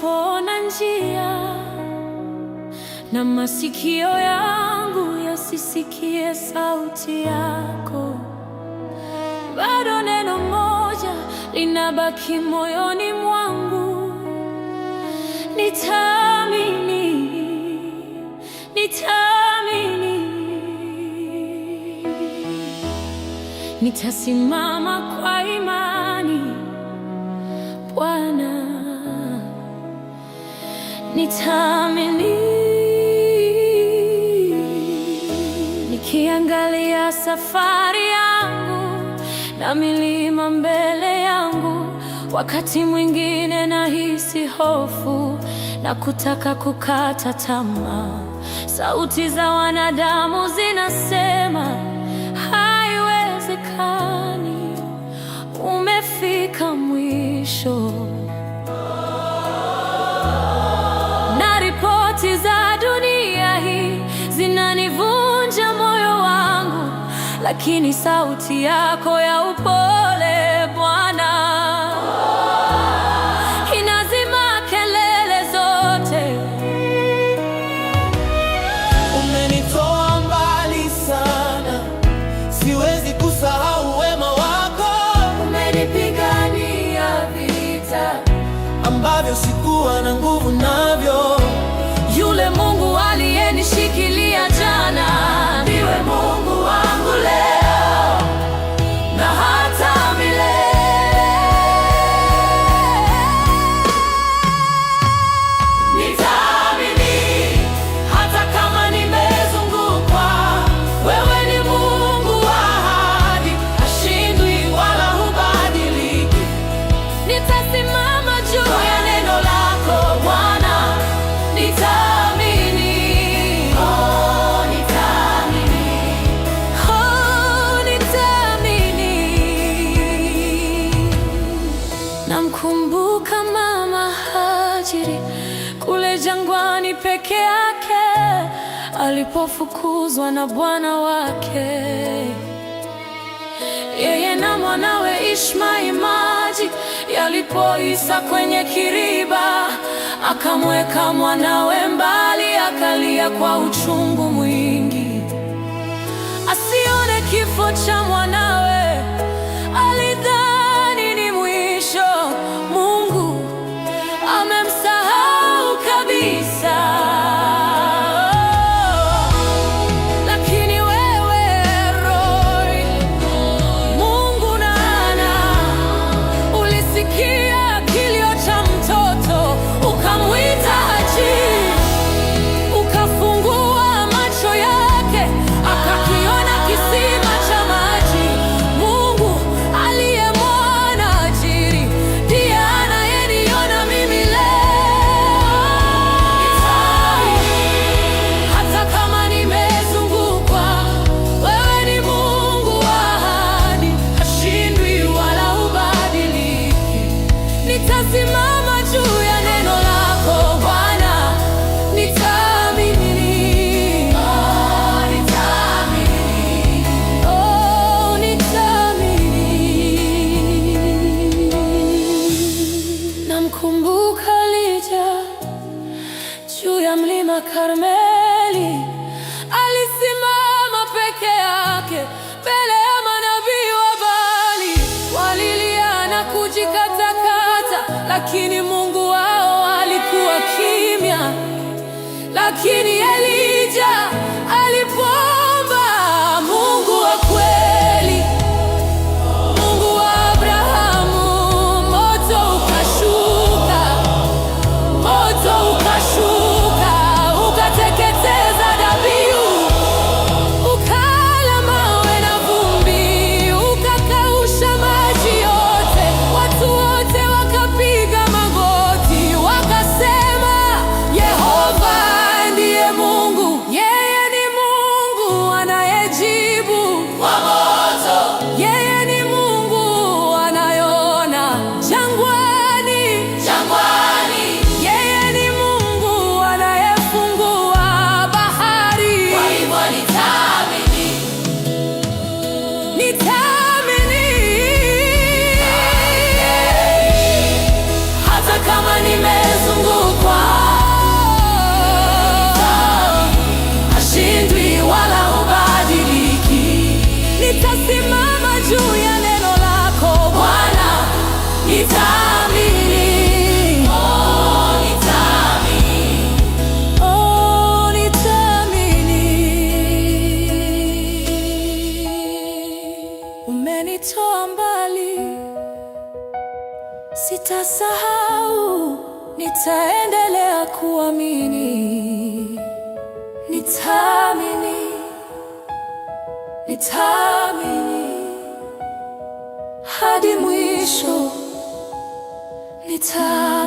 nisipoona njia na masikio yangu yasisikie sauti yako, bado neno moja linabaki moyoni mwangu, nitaamini, nitaamini, nitasimama kwa imani Bwana nitaamini. Nikiangalia safari yangu na milima mbele yangu, wakati mwingine nahisi hofu na kutaka kukata tamaa. Sauti za wanadamu zinasema lakini sauti yako ya upole Bwana inazima kelele zote. Umenitoa mbali sana, siwezi kusahau wema wako. Umenipigania vita ambavyo sikuwa na nguvu navyo jangwani peke yake alipofukuzwa na bwana wake. Yeye na mwanawe Ishmaeli maji yalipoisa kwenye kiriba, akamweka mwanawe mbali, akalia kwa uchungu mwingi asione kifo cha mwanawe. kitty. Sitasahau, nitaendelea kuamini, nitaamini, nitaamini hadi mwisho nita